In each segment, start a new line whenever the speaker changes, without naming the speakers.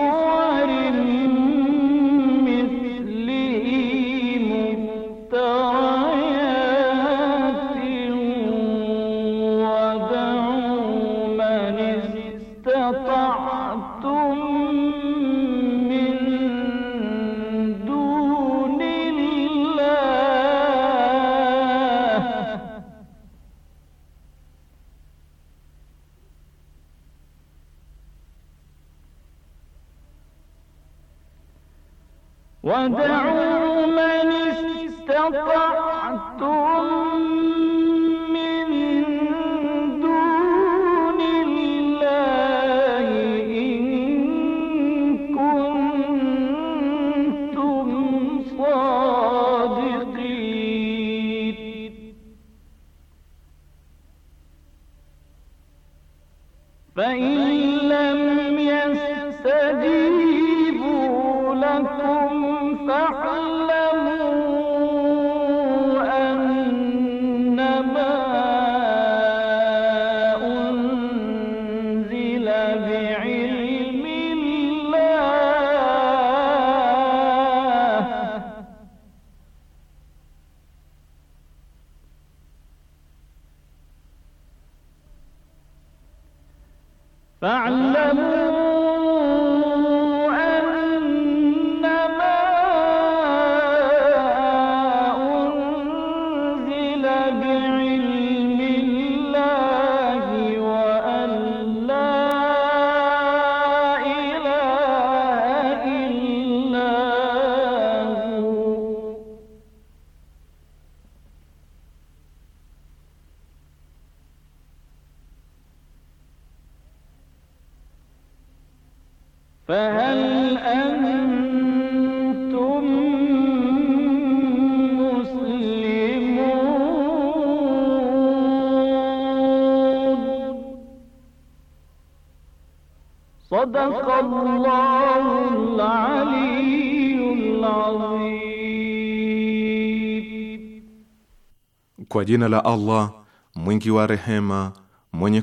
ظهر فهل أنتم مسلمون صدق الله العلي العظيم كو جينا
لا الله مwingi wa rehema mwenye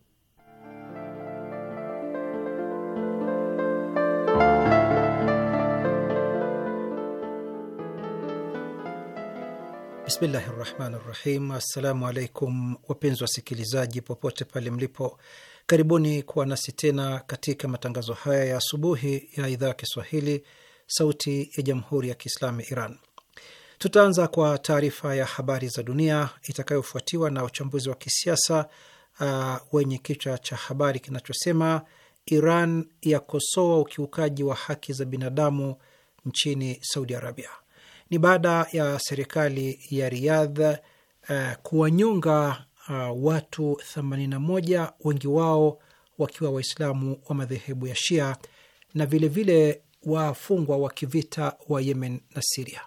Bismillahi rahmani rahim. Assalamu alaikum wapenzi wasikilizaji, popote pale mlipo, karibuni kuwa nasi tena katika matangazo haya ya asubuhi ya idhaa ya Kiswahili, Sauti ya Jamhuri ya Kiislamu Iran. Tutaanza kwa taarifa ya habari za dunia itakayofuatiwa na uchambuzi wa kisiasa uh, wenye kichwa cha habari kinachosema Iran yakosoa ukiukaji wa haki za binadamu nchini Saudi Arabia. Ni baada ya serikali ya Riyadh uh, kuwanyonga uh, watu 81 wengi wao wakiwa Waislamu wa madhehebu ya Shia na vilevile wafungwa wa kivita wa Yemen na Siria.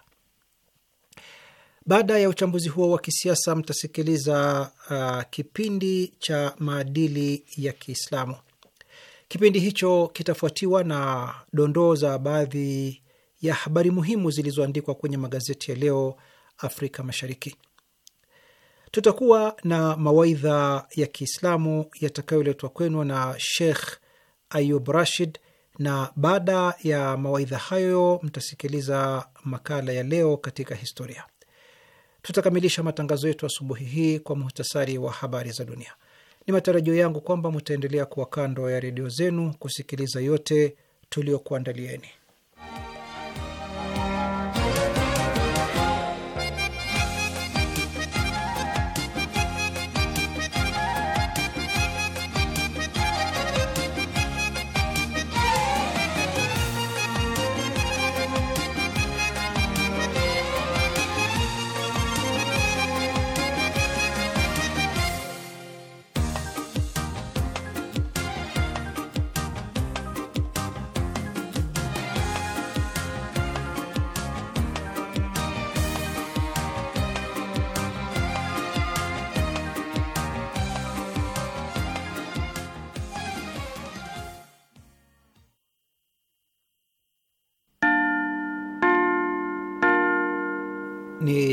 Baada ya uchambuzi huo wa kisiasa, mtasikiliza uh, kipindi cha maadili ya Kiislamu. Kipindi hicho kitafuatiwa na dondoo za baadhi ya habari muhimu zilizoandikwa kwenye magazeti ya leo Afrika Mashariki. Tutakuwa na mawaidha ya Kiislamu yatakayoletwa kwenu na Sheikh Ayub Rashid, na baada ya mawaidha hayo mtasikiliza makala ya leo katika historia. Tutakamilisha matangazo yetu asubuhi hii kwa muhtasari wa habari za dunia. Ni matarajio yangu kwamba mtaendelea kuwa kando ya redio zenu kusikiliza yote tuliokuandalieni.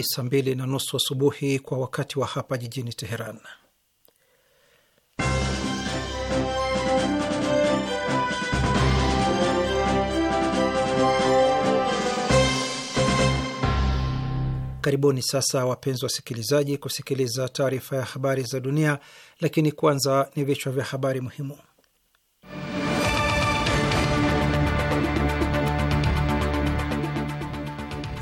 saa mbili na nusu asubuhi wa kwa wakati wa hapa jijini Teheran. Karibuni sasa wapenzi wasikilizaji, kusikiliza taarifa ya habari za dunia, lakini kwanza ni vichwa vya habari muhimu.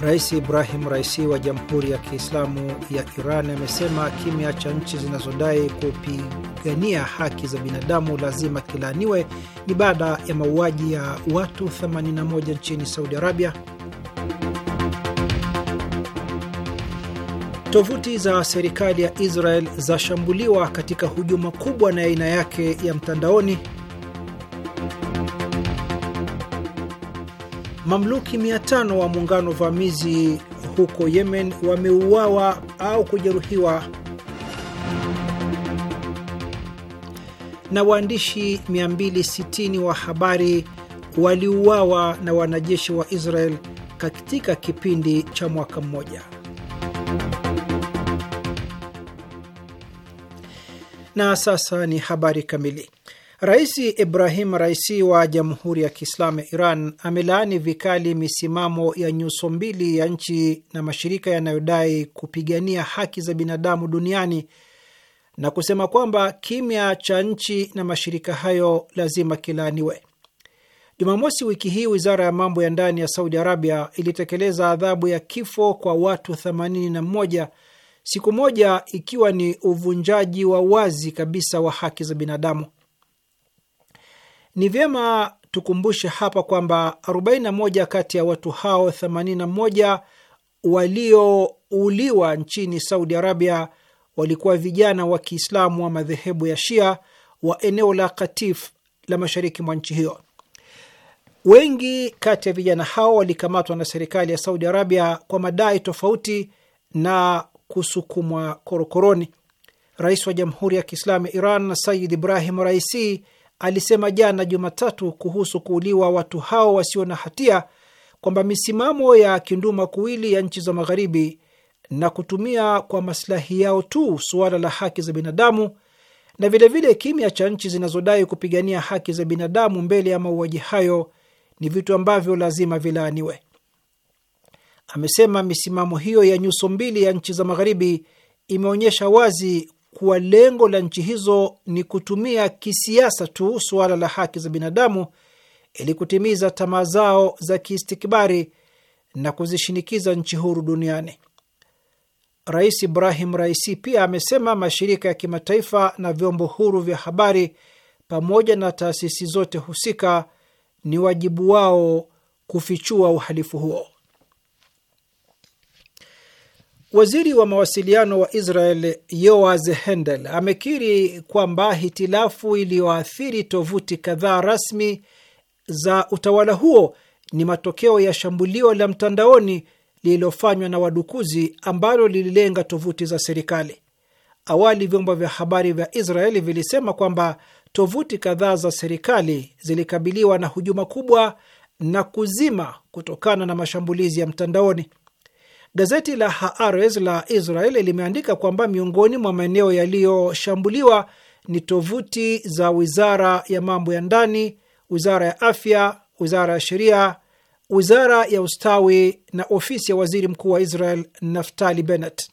Rais Ibrahim Raisi wa Jamhuri ya Kiislamu ya Iran amesema kimya cha nchi zinazodai kupigania haki za binadamu lazima kilaaniwe. Ni baada ya mauaji ya watu 81 nchini Saudi Arabia. Tovuti za serikali ya Israel zashambuliwa katika hujuma kubwa na aina yake ya mtandaoni. Mamluki 500 wa muungano vamizi huko Yemen wameuawa au kujeruhiwa, na waandishi 260 wa habari waliuawa na wanajeshi wa Israel katika kipindi cha mwaka mmoja. Na sasa ni habari kamili. Rais Ibrahim Raisi wa Jamhuri ya Kiislamu ya Iran amelaani vikali misimamo ya nyuso mbili ya nchi na mashirika yanayodai kupigania haki za binadamu duniani na kusema kwamba kimya cha nchi na mashirika hayo lazima kilaaniwe. Jumamosi wiki hii, wizara ya mambo ya ndani ya Saudi Arabia ilitekeleza adhabu ya kifo kwa watu 81 siku moja ikiwa ni uvunjaji wa wazi kabisa wa haki za binadamu. Ni vyema tukumbushe hapa kwamba 41 kati ya watu hao 81 waliouliwa nchini Saudi Arabia walikuwa vijana wa Kiislamu wa madhehebu ya Shia wa eneo la Katif la mashariki mwa nchi hiyo. Wengi kati ya vijana hao walikamatwa na serikali ya Saudi Arabia kwa madai tofauti na kusukumwa korokoroni. Rais wa Jamhuri ya Kiislamu Iran Sayid Ibrahim Raisi alisema jana Jumatatu kuhusu kuuliwa watu hao wasio na hatia kwamba misimamo ya kinduma kuwili ya nchi za Magharibi na kutumia kwa maslahi yao tu suala la haki za binadamu na vilevile kimya cha nchi zinazodai kupigania haki za binadamu mbele ya mauaji hayo ni vitu ambavyo lazima vilaaniwe. Amesema misimamo hiyo ya nyuso mbili ya nchi za Magharibi imeonyesha wazi kuwa lengo la nchi hizo ni kutumia kisiasa tu suala la haki za binadamu ili kutimiza tamaa zao za kiistikbari na kuzishinikiza nchi huru duniani. Rais Ibrahim Raisi pia amesema mashirika ya kimataifa na vyombo huru vya habari pamoja na taasisi zote husika ni wajibu wao kufichua uhalifu huo. Waziri wa mawasiliano wa Israel Yoaz Hendel amekiri kwamba hitilafu iliyoathiri tovuti kadhaa rasmi za utawala huo ni matokeo ya shambulio la mtandaoni lililofanywa na wadukuzi ambalo lililenga tovuti za serikali. Awali vyombo vya habari vya Israeli vilisema kwamba tovuti kadhaa za serikali zilikabiliwa na hujuma kubwa na kuzima kutokana na mashambulizi ya mtandaoni. Gazeti la Haaretz la Israel limeandika kwamba miongoni mwa maeneo yaliyoshambuliwa ni tovuti za wizara ya mambo ya ndani, wizara ya afya, wizara ya sheria, wizara ya ustawi na ofisi ya waziri mkuu wa Israel Naftali Bennett.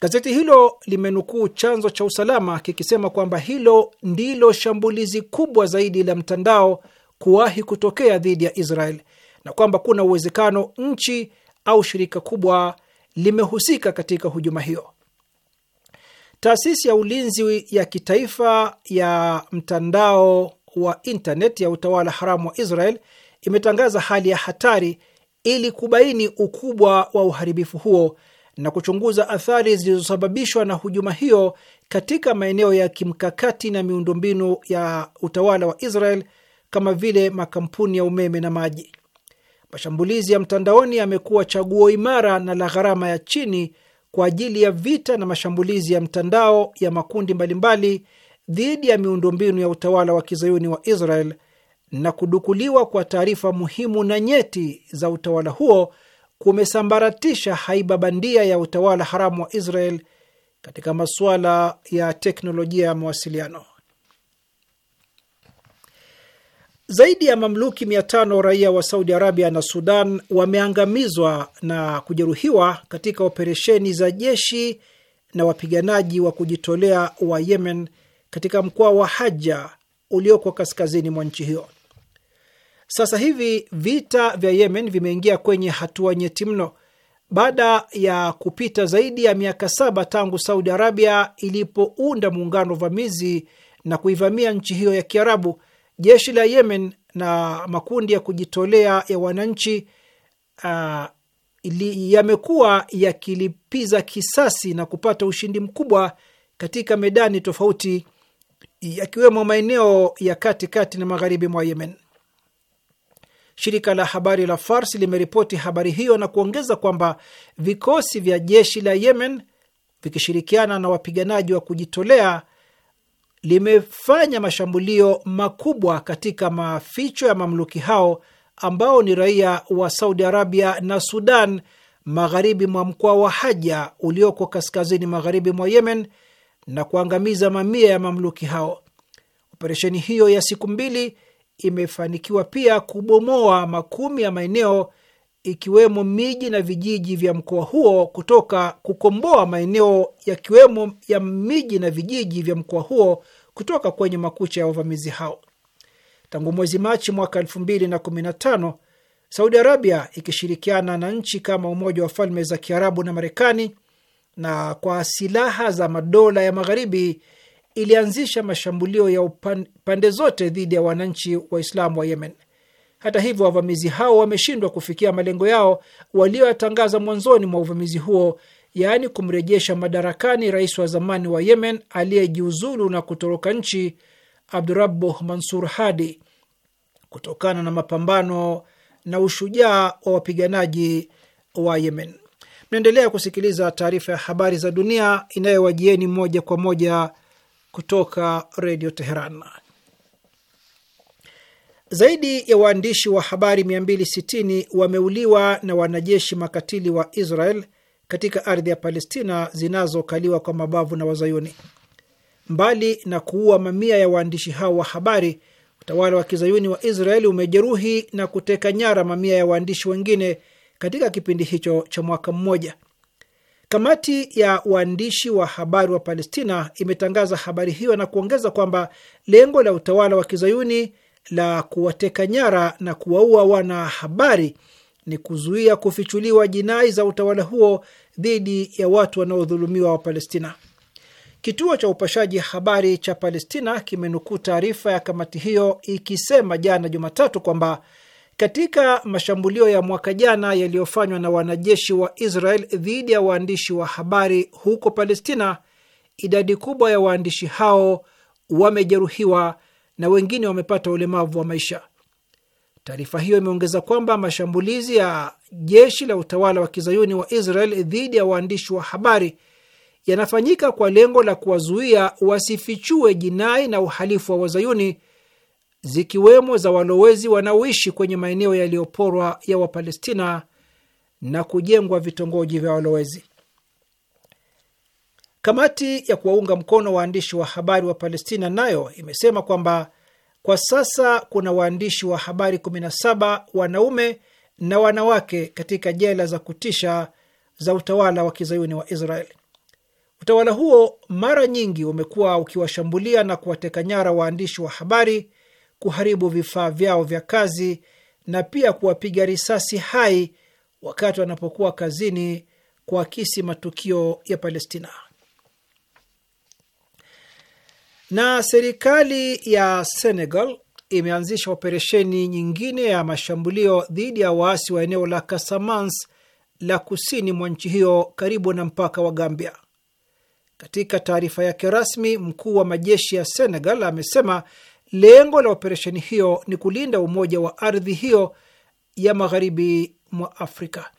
Gazeti hilo limenukuu chanzo cha usalama kikisema kwamba hilo ndilo shambulizi kubwa zaidi la mtandao kuwahi kutokea dhidi ya Israel na kwamba kuna uwezekano nchi au shirika kubwa limehusika katika hujuma hiyo. Taasisi ya ulinzi ya kitaifa ya mtandao wa intaneti ya utawala haramu wa Israel imetangaza hali ya hatari ili kubaini ukubwa wa uharibifu huo na kuchunguza athari zilizosababishwa na hujuma hiyo katika maeneo ya kimkakati na miundombinu ya utawala wa Israel kama vile makampuni ya umeme na maji. Mashambulizi ya mtandaoni yamekuwa chaguo imara na la gharama ya chini kwa ajili ya vita na mashambulizi ya mtandao ya makundi mbalimbali dhidi ya miundombinu ya utawala wa kizayuni wa Israel na kudukuliwa kwa taarifa muhimu na nyeti za utawala huo kumesambaratisha haiba bandia ya utawala haramu wa Israel katika masuala ya teknolojia ya mawasiliano. Zaidi ya mamluki tano raia wa Saudi Arabia na Sudan wameangamizwa na kujeruhiwa katika operesheni za jeshi na wapiganaji wa kujitolea wa Yemen katika mkoa wa Haja ulioko kaskazini mwa nchi hiyo. Sasa hivi vita vya Yemen vimeingia kwenye hatua nyeti mno baada ya kupita zaidi ya miaka saba tangu Saudi Arabia ilipounda muungano vamizi na kuivamia nchi hiyo ya Kiarabu Jeshi la Yemen na makundi ya kujitolea ya wananchi uh, yamekuwa yakilipiza kisasi na kupata ushindi mkubwa katika medani tofauti yakiwemo maeneo ya katikati kati na magharibi mwa Yemen. Shirika la habari la Fars limeripoti habari hiyo na kuongeza kwamba vikosi vya jeshi la Yemen vikishirikiana na wapiganaji wa kujitolea limefanya mashambulio makubwa katika maficho ya mamluki hao ambao ni raia wa Saudi Arabia na Sudan, magharibi mwa mkoa wa Haja ulioko kaskazini magharibi mwa Yemen na kuangamiza mamia ya mamluki hao. Operesheni hiyo ya siku mbili imefanikiwa pia kubomoa makumi ya maeneo ikiwemo miji na vijiji vya mkoa huo kutoka kukomboa maeneo yakiwemo ya miji na vijiji vya mkoa huo kutoka kwenye makucha ya wavamizi hao. Tangu mwezi Machi mwaka 2015 Saudi Arabia ikishirikiana na nchi kama Umoja wa Falme za Kiarabu na Marekani na kwa silaha za madola ya Magharibi ilianzisha mashambulio ya pande zote dhidi ya wananchi Waislamu wa Yemen. Hata hivyo, wavamizi hao wameshindwa kufikia malengo yao walioyatangaza mwanzoni mwa uvamizi huo yaani kumrejesha madarakani rais wa zamani wa Yemen aliyejiuzulu na kutoroka nchi abdurabu Mansur Hadi kutokana na mapambano na ushujaa wa wapiganaji wa Yemen. Mnaendelea kusikiliza taarifa ya habari za dunia inayowajieni moja kwa moja kutoka Redio Teheran. Zaidi ya waandishi wa habari 260 wameuliwa na wanajeshi makatili wa Israel katika ardhi ya Palestina zinazokaliwa kwa mabavu na Wazayuni. Mbali na kuua mamia ya waandishi hao wa habari, utawala wa kizayuni wa Israeli umejeruhi na kuteka nyara mamia ya waandishi wengine katika kipindi hicho cha mwaka mmoja. Kamati ya waandishi wa habari wa Palestina imetangaza habari hiyo na kuongeza kwamba lengo la utawala wa kizayuni la kuwateka nyara na kuwaua wanahabari ni kuzuia kufichuliwa jinai za utawala huo dhidi ya watu wanaodhulumiwa wa Palestina. Kituo cha upashaji habari cha Palestina kimenukuu taarifa ya kamati hiyo ikisema jana Jumatatu kwamba katika mashambulio ya mwaka jana yaliyofanywa na wanajeshi wa Israel dhidi ya waandishi wa habari huko Palestina, idadi kubwa ya waandishi hao wamejeruhiwa na wengine wamepata ulemavu wa maisha. Taarifa hiyo imeongeza kwamba mashambulizi ya jeshi la utawala wa kizayuni wa Israel dhidi ya waandishi wa habari yanafanyika kwa lengo la kuwazuia wasifichue jinai na uhalifu wa wazayuni zikiwemo za walowezi wanaoishi kwenye maeneo yaliyoporwa ya Wapalestina na kujengwa vitongoji vya walowezi. Kamati ya kuwaunga mkono waandishi wa habari wa Palestina nayo imesema kwamba kwa sasa kuna waandishi wa habari 17 wanaume na wanawake katika jela za kutisha za utawala wa kizayuni wa Israel. Utawala huo mara nyingi umekuwa ukiwashambulia na kuwateka nyara waandishi wa habari, kuharibu vifaa vyao vya kazi na pia kuwapiga risasi hai wakati wanapokuwa kazini kuakisi matukio ya Palestina. Na serikali ya Senegal imeanzisha operesheni nyingine ya mashambulio dhidi ya waasi wa eneo la Casamance la kusini mwa nchi hiyo karibu na mpaka wa Gambia. Katika taarifa yake rasmi, mkuu wa majeshi ya Senegal amesema lengo la operesheni hiyo ni kulinda umoja wa ardhi hiyo ya magharibi mwa Afrika.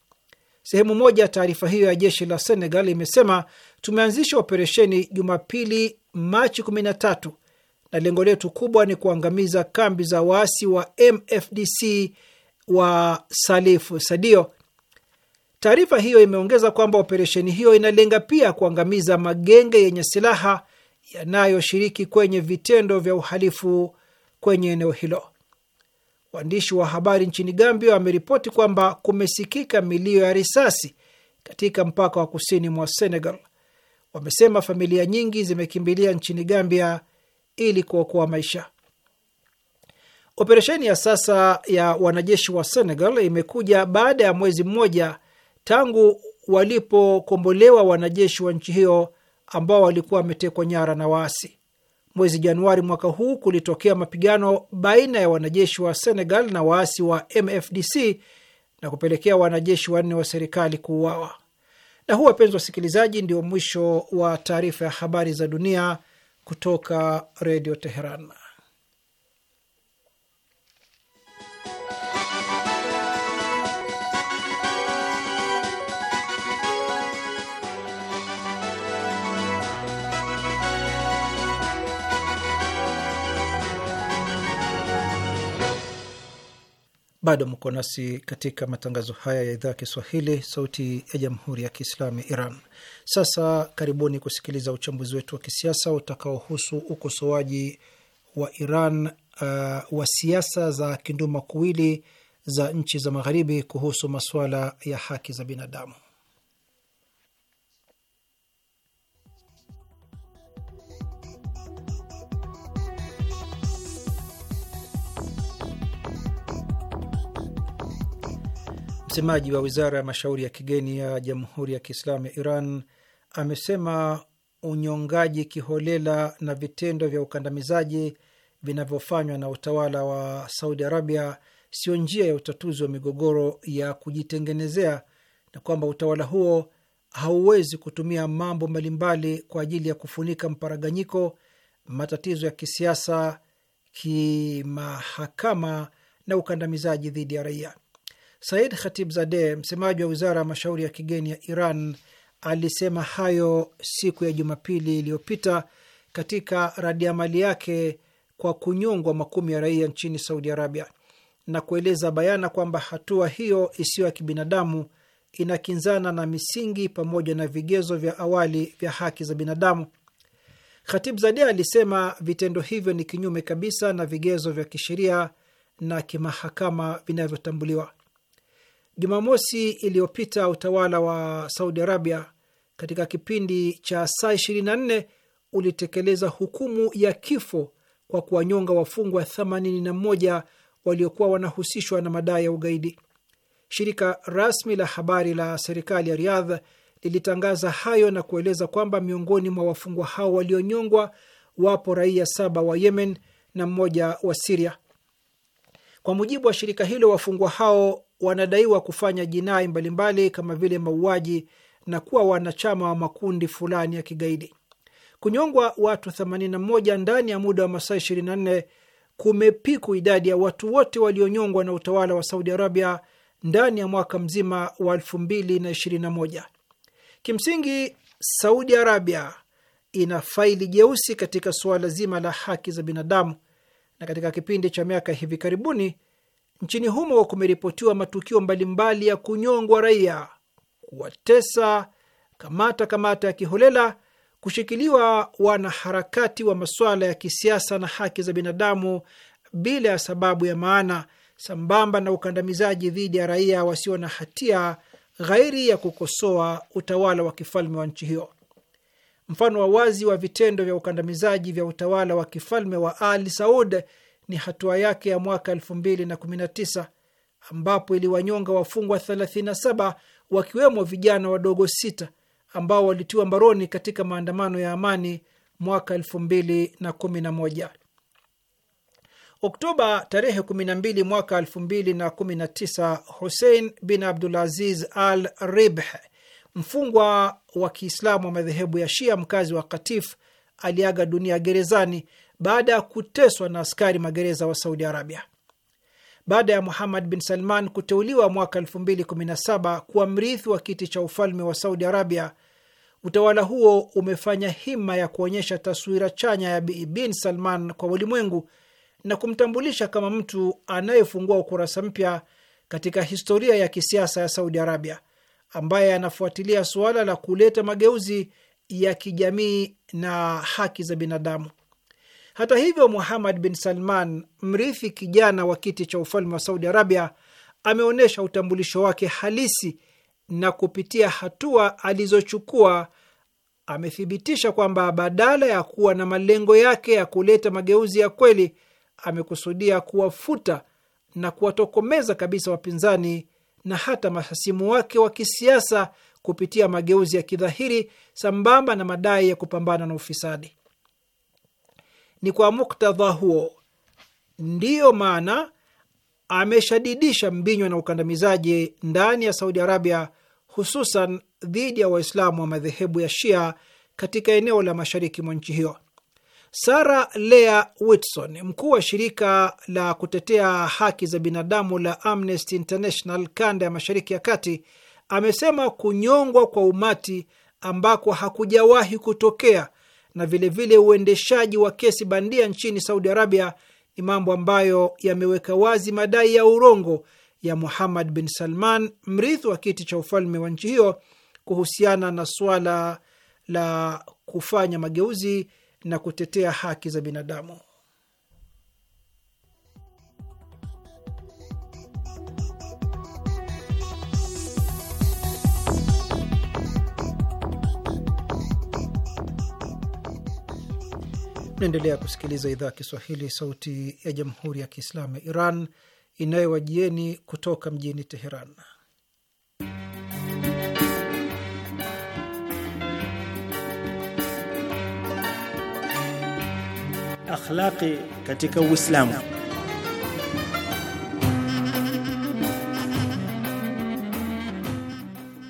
Sehemu moja ya taarifa hiyo ya jeshi la Senegal imesema tumeanzisha operesheni Jumapili, Machi 13 na lengo letu kubwa ni kuangamiza kambi za waasi wa MFDC wa Salifu Sadio. Taarifa hiyo imeongeza kwamba operesheni hiyo inalenga pia kuangamiza magenge yenye silaha yanayoshiriki kwenye vitendo vya uhalifu kwenye eneo hilo. Waandishi wa habari nchini Gambia wameripoti kwamba kumesikika milio ya risasi katika mpaka wa kusini mwa Senegal. Wamesema familia nyingi zimekimbilia nchini Gambia ili kuokoa maisha. Operesheni ya sasa ya wanajeshi wa Senegal imekuja baada ya mwezi mmoja tangu walipokombolewa wanajeshi wa nchi hiyo ambao walikuwa wametekwa nyara na waasi. Mwezi Januari mwaka huu kulitokea mapigano baina ya wanajeshi wa Senegal na waasi wa MFDC na kupelekea wanajeshi wanne wa serikali kuuawa. Na huu, wapenzi wasikilizaji, ndio mwisho wa taarifa ya habari za dunia kutoka Redio Teheran. Bado mko nasi katika matangazo haya ya idhaa ya Kiswahili, sauti ya jamhuri ya kiislamu ya Iran. Sasa karibuni kusikiliza uchambuzi wetu wa kisiasa utakaohusu ukosoaji wa Iran uh, wa siasa za kinduma kuwili za nchi za magharibi kuhusu masuala ya haki za binadamu. Msemaji wa wizara ya mashauri ya kigeni ya Jamhuri ya Kiislamu ya Iran amesema unyongaji kiholela na vitendo vya ukandamizaji vinavyofanywa na utawala wa Saudi Arabia sio njia ya utatuzi wa migogoro ya kujitengenezea na kwamba utawala huo hauwezi kutumia mambo mbalimbali kwa ajili ya kufunika mparaganyiko, matatizo ya kisiasa, kimahakama na ukandamizaji dhidi ya raia. Said Khatibzadeh, msemaji wa wizara ya mashauri ya kigeni ya Iran, alisema hayo siku ya Jumapili iliyopita katika radiamali yake kwa kunyongwa makumi ya raia nchini Saudi Arabia na kueleza bayana kwamba hatua hiyo isiyo ya kibinadamu inakinzana na misingi pamoja na vigezo vya awali vya haki za binadamu. zade alisema vitendo hivyo ni kinyume kabisa na vigezo vya kisheria na kimahakama vinavyotambuliwa. Jumamosi iliyopita utawala wa Saudi Arabia katika kipindi cha saa 24 ulitekeleza hukumu ya kifo kwa kuwanyonga wafungwa 81 waliokuwa wanahusishwa na madai ya ugaidi. Shirika rasmi la habari la serikali ya Riyadh lilitangaza hayo na kueleza kwamba miongoni mwa wafungwa hao walionyongwa wapo raia saba wa Yemen na mmoja wa Siria. Kwa mujibu wa shirika hilo, wafungwa hao wanadaiwa kufanya jinai mbalimbali kama vile mauaji na kuwa wanachama wa makundi fulani ya kigaidi. Kunyongwa watu 81 ndani ya muda wa masaa 24 kumepiku idadi ya watu wote walionyongwa na utawala wa Saudi Arabia ndani ya mwaka mzima wa 2021. Kimsingi, Saudi Arabia ina faili jeusi katika suala zima la haki za binadamu, na katika kipindi cha miaka hivi karibuni Nchini humo kumeripotiwa matukio mbalimbali ya kunyongwa raia, kuwatesa, kamata kamata ya kiholela, kushikiliwa wanaharakati wa masuala ya kisiasa na haki za binadamu bila ya sababu ya maana, sambamba na ukandamizaji dhidi ya raia wasio na hatia ghairi ya kukosoa utawala wa kifalme wa nchi hiyo. Mfano wa wazi wa vitendo vya ukandamizaji vya utawala wa kifalme wa Ali Saud ni hatua yake ya mwaka 2019 ambapo iliwanyonga wafungwa 37 wakiwemo vijana wadogo sita ambao walitiwa mbaroni katika maandamano ya amani mwaka 2011. Oktoba tarehe 12 mwaka 2019, Hussein bin Abdulaziz Al Ribh, mfungwa wa Kiislamu wa madhehebu ya Shia, mkazi wa Katif, aliaga dunia gerezani baada ya kuteswa na askari magereza wa Saudi Arabia. Baada ya Muhammad bin Salman kuteuliwa mwaka 2017 kuwa mrithi wa kiti cha ufalme wa Saudi Arabia, utawala huo umefanya hima ya kuonyesha taswira chanya ya bin Salman kwa ulimwengu na kumtambulisha kama mtu anayefungua ukurasa mpya katika historia ya kisiasa ya Saudi Arabia, ambaye anafuatilia suala la kuleta mageuzi ya kijamii na haki za binadamu. Hata hivyo, Muhammad bin Salman, mrithi kijana wa kiti cha ufalme wa Saudi Arabia, ameonyesha utambulisho wake halisi na kupitia hatua alizochukua amethibitisha kwamba badala ya kuwa na malengo yake ya kuleta mageuzi ya kweli, amekusudia kuwafuta na kuwatokomeza kabisa wapinzani na hata mahasimu wake wa kisiasa kupitia mageuzi ya kidhahiri sambamba na madai ya kupambana na ufisadi. Ni kwa muktadha huo ndiyo maana ameshadidisha mbinywa na ukandamizaji ndani ya Saudi Arabia, hususan dhidi ya Waislamu wa madhehebu ya Shia katika eneo la mashariki mwa nchi hiyo. Sara Lea Whitson, mkuu wa shirika la kutetea haki za binadamu la Amnesty International kanda ya mashariki ya kati, amesema kunyongwa kwa umati ambako hakujawahi kutokea na vilevile vile uendeshaji wa kesi bandia nchini Saudi Arabia ni mambo ambayo yameweka wazi madai ya urongo ya Muhammad bin Salman, mrithi wa kiti cha ufalme wa nchi hiyo, kuhusiana na suala la kufanya mageuzi na kutetea haki za binadamu. unaendelea kusikiliza idhaa ya Kiswahili, sauti ya jamhuri ya kiislamu ya Iran inayowajieni kutoka mjini Teheran.
Akhlaqi katika Uislamu.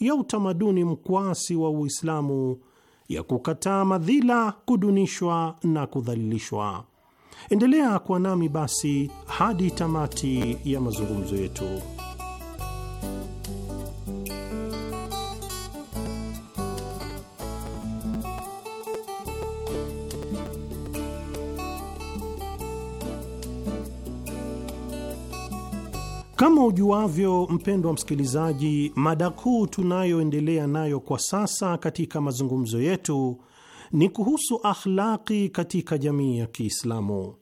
ya utamaduni mkwasi wa Uislamu ya kukataa madhila, kudunishwa na kudhalilishwa. Endelea kuwa nami basi hadi tamati ya mazungumzo yetu. Kama ujuavyo, mpendwa msikilizaji, mada kuu tunayoendelea nayo kwa sasa katika mazungumzo yetu ni kuhusu akhlaqi katika jamii ya Kiislamu.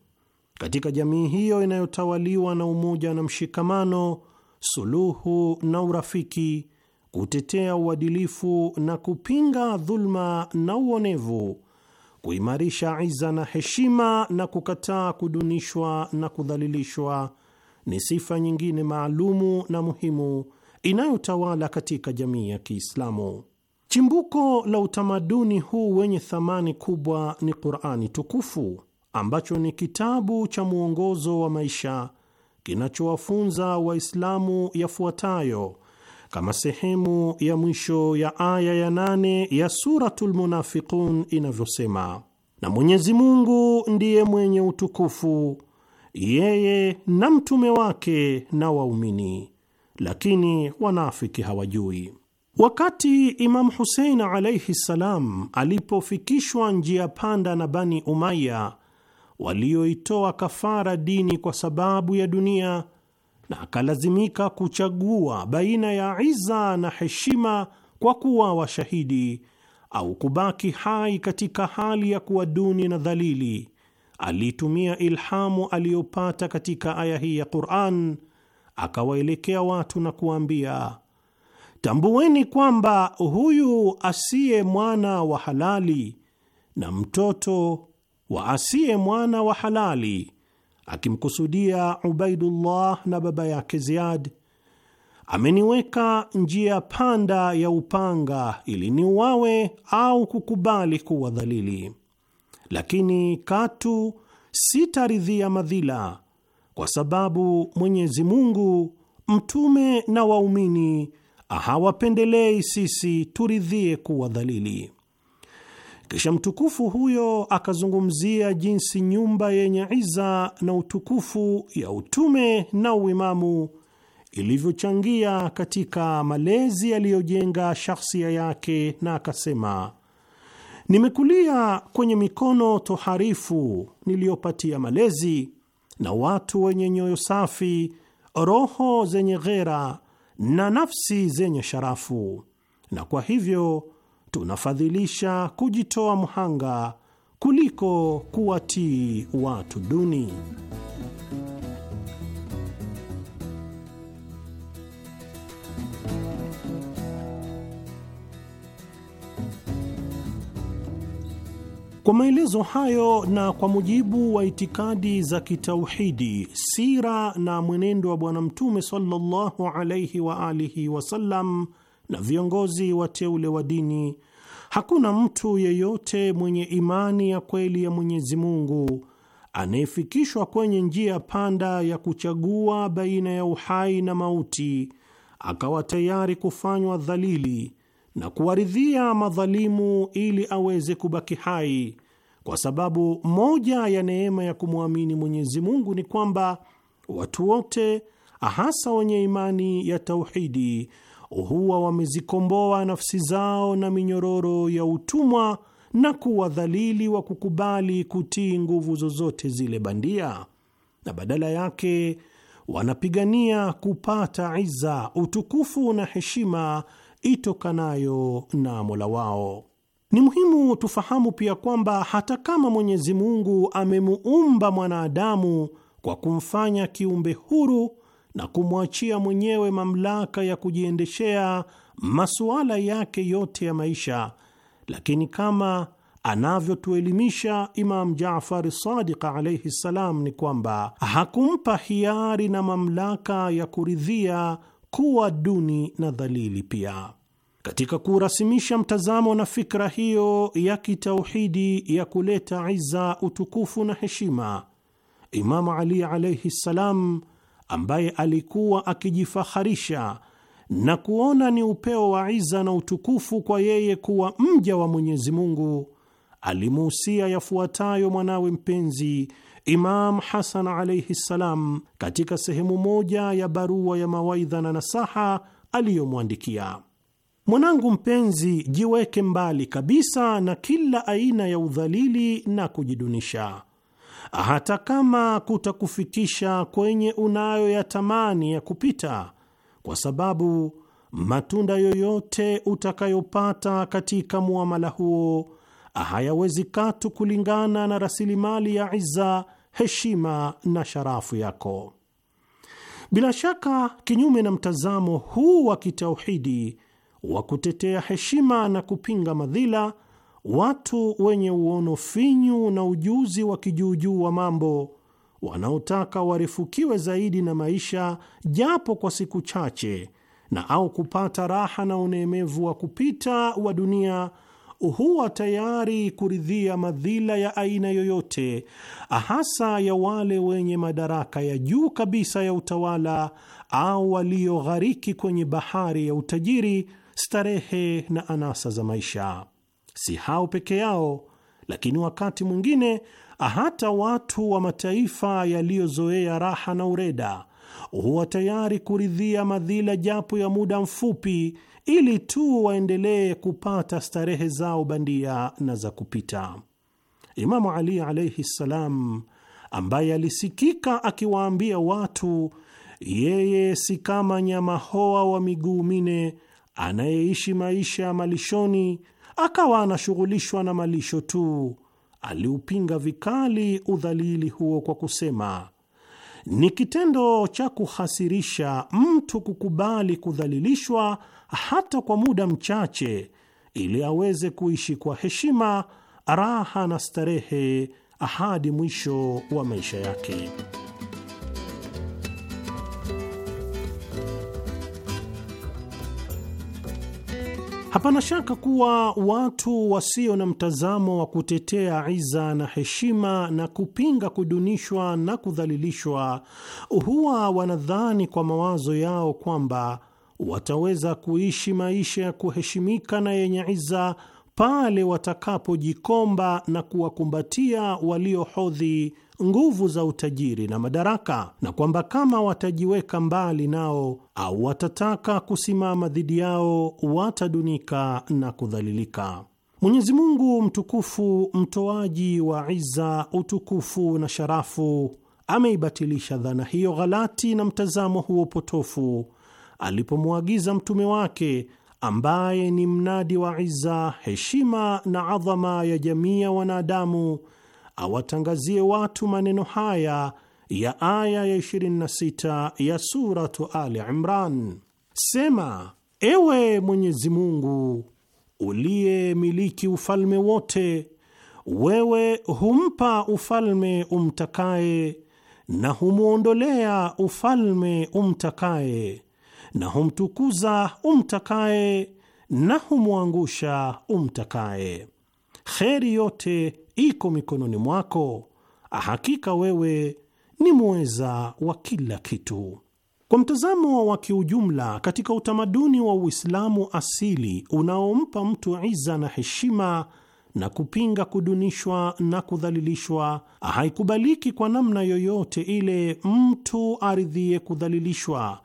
Katika jamii hiyo inayotawaliwa na umoja na mshikamano, suluhu na urafiki, kutetea uadilifu na kupinga dhulma na uonevu, kuimarisha iza na heshima na kukataa kudunishwa na kudhalilishwa ni sifa nyingine maalumu na muhimu inayotawala katika jamii ya Kiislamu. Chimbuko la utamaduni huu wenye thamani kubwa ni Qur'ani tukufu, ambacho ni kitabu cha mwongozo wa maisha kinachowafunza Waislamu yafuatayo kama sehemu ya mwisho ya aya ya nane ya Suratul Munafiqun inavyosema: na Mwenyezi Mungu ndiye mwenye utukufu yeye na mtume wake na waumini, lakini wanafiki hawajui. Wakati Imamu Husein alaihi ssalam alipofikishwa njia panda na Bani Umaya walioitoa kafara dini kwa sababu ya dunia, na akalazimika kuchagua baina ya iza na heshima kwa kuwa washahidi au kubaki hai katika hali ya kuwa duni na dhalili aliitumia ilhamu aliyopata katika aya hii ya Qur'an akawaelekea watu na kuwaambia, tambueni kwamba huyu asiye mwana wa halali na mtoto wa asiye mwana wa halali, akimkusudia Ubaidullah na baba yake Ziyad, ameniweka njia panda ya upanga ili niuawe au kukubali kuwa dhalili lakini katu sitaridhia madhila, kwa sababu Mwenyezi Mungu, mtume na waumini hawapendelei sisi turidhie kuwa dhalili. Kisha mtukufu huyo akazungumzia jinsi nyumba yenye iza na utukufu ya utume na uimamu ilivyochangia katika malezi aliyojenga shahsia yake, na akasema Nimekulia kwenye mikono toharifu niliyopatia malezi na watu wenye nyoyo safi, roho zenye ghera na nafsi zenye sharafu, na kwa hivyo tunafadhilisha kujitoa mhanga kuliko kuwatii watu duni. Kwa maelezo hayo na kwa mujibu wa itikadi za kitauhidi, sira na mwenendo wa Bwana Mtume sallallahu alaihi wa alihi wasallam na viongozi wateule wa dini, hakuna mtu yeyote mwenye imani ya kweli ya Mwenyezi Mungu anayefikishwa kwenye njia panda ya kuchagua baina ya uhai na mauti akawa tayari kufanywa dhalili na kuwaridhia madhalimu ili aweze kubaki hai, kwa sababu moja ya neema ya kumwamini Mwenyezi Mungu ni kwamba watu wote hasa wenye imani ya tauhidi huwa wamezikomboa nafsi zao na minyororo ya utumwa na kuwa dhalili wa kukubali kutii nguvu zozote zile bandia, na badala yake wanapigania kupata iza, utukufu na heshima itokanayo na Mola wao. Ni muhimu tufahamu pia kwamba hata kama Mwenyezi Mungu amemuumba mwanadamu kwa kumfanya kiumbe huru na kumwachia mwenyewe mamlaka ya kujiendeshea masuala yake yote ya maisha, lakini kama anavyotuelimisha Imam Jafar Sadiq alaihi ssalam, ni kwamba hakumpa hiari na mamlaka ya kuridhia kuwa duni na dhalili pia. Katika kurasimisha mtazamo na fikra hiyo ya kitauhidi ya kuleta iza, utukufu na heshima, Imamu Ali alaihi ssalam, ambaye alikuwa akijifaharisha na kuona ni upeo wa iza na utukufu kwa yeye kuwa mja wa Mwenyezi Mungu, alimuhusia yafuatayo mwanawe mpenzi Imam Hasan alaihi ssalam katika sehemu moja ya barua ya mawaidha na nasaha aliyomwandikia: mwanangu mpenzi, jiweke mbali kabisa na kila aina ya udhalili na kujidunisha, hata kama kutakufikisha kwenye unayoyatamani ya kupita, kwa sababu matunda yoyote utakayopata katika muamala huo hayawezi katu kulingana na rasilimali ya iza heshima na sharafu yako. Bila shaka, kinyume na mtazamo huu wa kitauhidi wa kutetea heshima na kupinga madhila, watu wenye uono finyu na ujuzi wa kijuujuu wa mambo wanaotaka warefukiwe zaidi na maisha japo kwa siku chache, na au kupata raha na uneemevu wa kupita wa dunia huwa tayari kuridhia madhila ya aina yoyote, hasa ya wale wenye madaraka ya juu kabisa ya utawala au walioghariki kwenye bahari ya utajiri, starehe na anasa za maisha. Si hao peke yao, lakini wakati mwingine hata watu wa mataifa yaliyozoea raha na ureda huwa tayari kuridhia madhila japo ya muda mfupi ili tu waendelee kupata starehe zao bandia na za kupita. Imamu Ali alaihi ssalam, ambaye alisikika akiwaambia watu yeye si kama nyama hoa wa miguu mine anayeishi maisha ya malishoni akawa anashughulishwa na malisho tu, aliupinga vikali udhalili huo kwa kusema ni kitendo cha kuhasirisha mtu kukubali kudhalilishwa hata kwa muda mchache, ili aweze kuishi kwa heshima, raha na starehe hadi mwisho wa maisha yake. Hapana shaka kuwa watu wasio na mtazamo wa kutetea iza na heshima na kupinga kudunishwa na kudhalilishwa huwa wanadhani kwa mawazo yao kwamba wataweza kuishi maisha ya kuheshimika na yenye iza pale watakapojikomba na kuwakumbatia waliohodhi nguvu za utajiri na madaraka, na kwamba kama watajiweka mbali nao au watataka kusimama dhidi yao watadunika na kudhalilika. Mwenyezi Mungu mtukufu, mtoaji wa iza, utukufu na sharafu, ameibatilisha dhana hiyo ghalati na mtazamo huo potofu alipomwagiza mtume wake ambaye ni mnadi wa iza, heshima na adhama ya jamii ya wanadamu awatangazie watu maneno haya ya aya ya 26 ya Suratu Ali Imran: Sema, ewe Mwenyezi Mungu uliyemiliki ufalme wote, wewe humpa ufalme umtakaye na humwondolea ufalme umtakaye na humtukuza umtakaye na humwangusha umtakaye. Kheri yote iko mikononi mwako, hakika wewe ni mweza wa kila kitu. Kwa mtazamo wa kiujumla, katika utamaduni wa Uislamu asili unaompa mtu iza na heshima na kupinga kudunishwa na kudhalilishwa, haikubaliki kwa namna yoyote ile mtu aridhie kudhalilishwa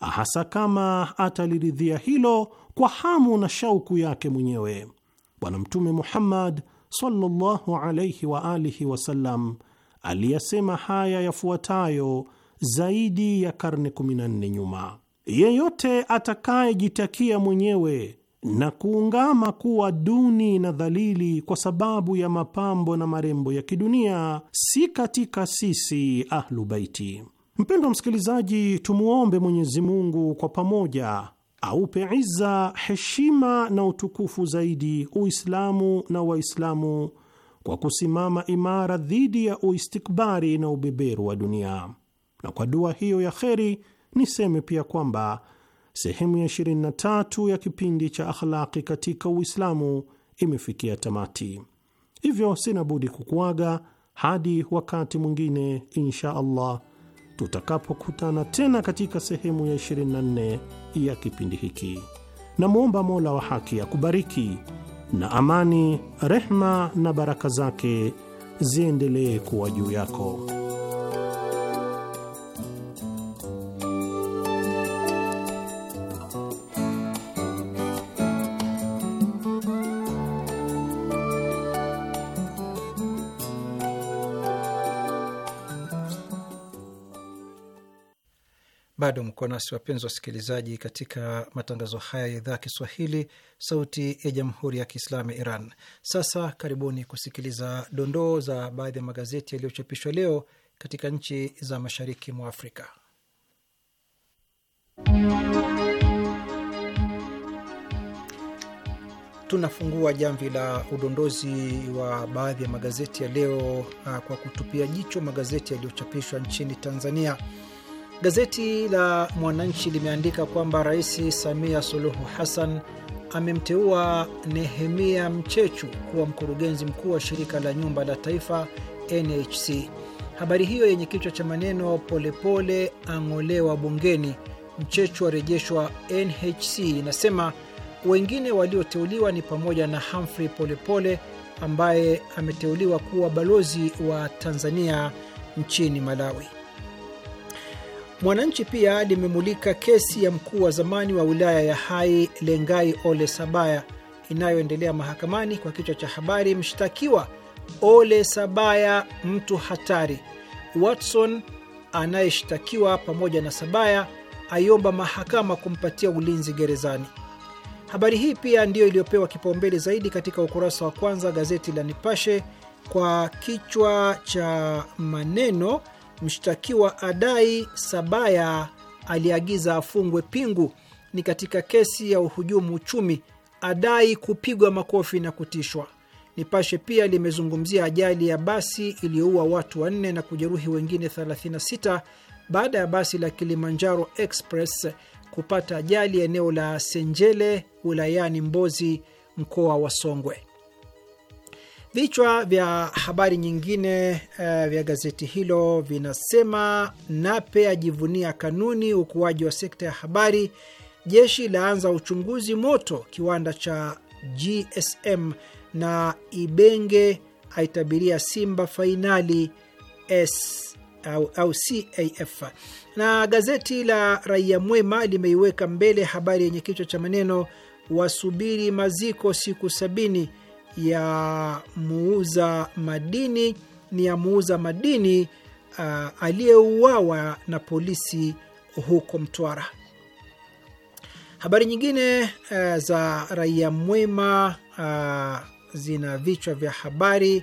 hasa kama ataliridhia hilo kwa hamu na shauku yake mwenyewe. Bwana Mtume Muhammad sallallahu alayhi wa alihi wasallam aliyasema haya yafuatayo zaidi ya karne 14 nyuma: yeyote atakayejitakia mwenyewe na kuungama kuwa duni na dhalili kwa sababu ya mapambo na marembo ya kidunia, si katika sisi Ahlu Baiti. Mpendwa msikilizaji, tumwombe Mwenyezi Mungu kwa pamoja aupe iza, heshima na utukufu zaidi Uislamu na Waislamu kwa kusimama imara dhidi ya uistikbari na ubeberu wa dunia. Na kwa dua hiyo ya kheri, niseme pia kwamba sehemu ya 23 ya kipindi cha Akhlaqi katika Uislamu imefikia tamati, hivyo sina budi kukuaga hadi wakati mwingine insha Allah tutakapokutana tena katika sehemu ya 24 ya kipindi hiki. Namwomba Mola wa haki akubariki na amani, rehma na baraka zake ziendelee kuwa juu yako.
Bado mko nasi wapenzi wasikilizaji, katika matangazo haya ya idhaa ya Kiswahili, sauti ya jamhuri ya kiislamu ya Iran. Sasa karibuni kusikiliza dondoo za baadhi ya magazeti yaliyochapishwa leo katika nchi za mashariki mwa Afrika. Tunafungua jamvi la udondozi wa baadhi ya magazeti ya leo uh, kwa kutupia jicho magazeti yaliyochapishwa nchini Tanzania. Gazeti la Mwananchi limeandika kwamba Rais Samia Suluhu Hassan amemteua Nehemia Mchechu kuwa mkurugenzi mkuu wa shirika la nyumba la taifa NHC. Habari hiyo yenye kichwa cha maneno polepole ang'olewa bungeni, Mchechu arejeshwa NHC, inasema wengine walioteuliwa ni pamoja na Humphrey Polepole ambaye ameteuliwa kuwa balozi wa Tanzania nchini Malawi. Mwananchi pia limemulika kesi ya mkuu wa zamani wa wilaya ya Hai Lengai Ole Sabaya inayoendelea mahakamani kwa kichwa cha habari, mshtakiwa Ole Sabaya mtu hatari. Watson anayeshtakiwa pamoja na Sabaya aiomba mahakama kumpatia ulinzi gerezani. Habari hii pia ndiyo iliyopewa kipaumbele zaidi katika ukurasa wa kwanza gazeti la Nipashe kwa kichwa cha maneno mshtakiwa adai Sabaya aliagiza afungwe pingu. Ni katika kesi ya uhujumu uchumi, adai kupigwa makofi na kutishwa. Nipashe pia limezungumzia ajali ya basi iliyoua watu wanne na kujeruhi wengine 36 baada ya basi la Kilimanjaro Express kupata ajali eneo la Senjele wilayani Mbozi mkoa wa Songwe. Vichwa vya habari nyingine uh, vya gazeti hilo vinasema: Nape ajivunia kanuni ukuaji wa sekta ya habari, jeshi laanza uchunguzi moto kiwanda cha GSM, na Ibenge aitabiria Simba fainali S au, au CAF. Na gazeti la Raia Mwema limeiweka mbele habari yenye kichwa cha maneno wasubiri maziko siku sabini ya muuza madini ni ya muuza madini uh, aliyeuawa na polisi huko Mtwara. Habari nyingine uh, za Raia Mwema uh, zina vichwa vya habari: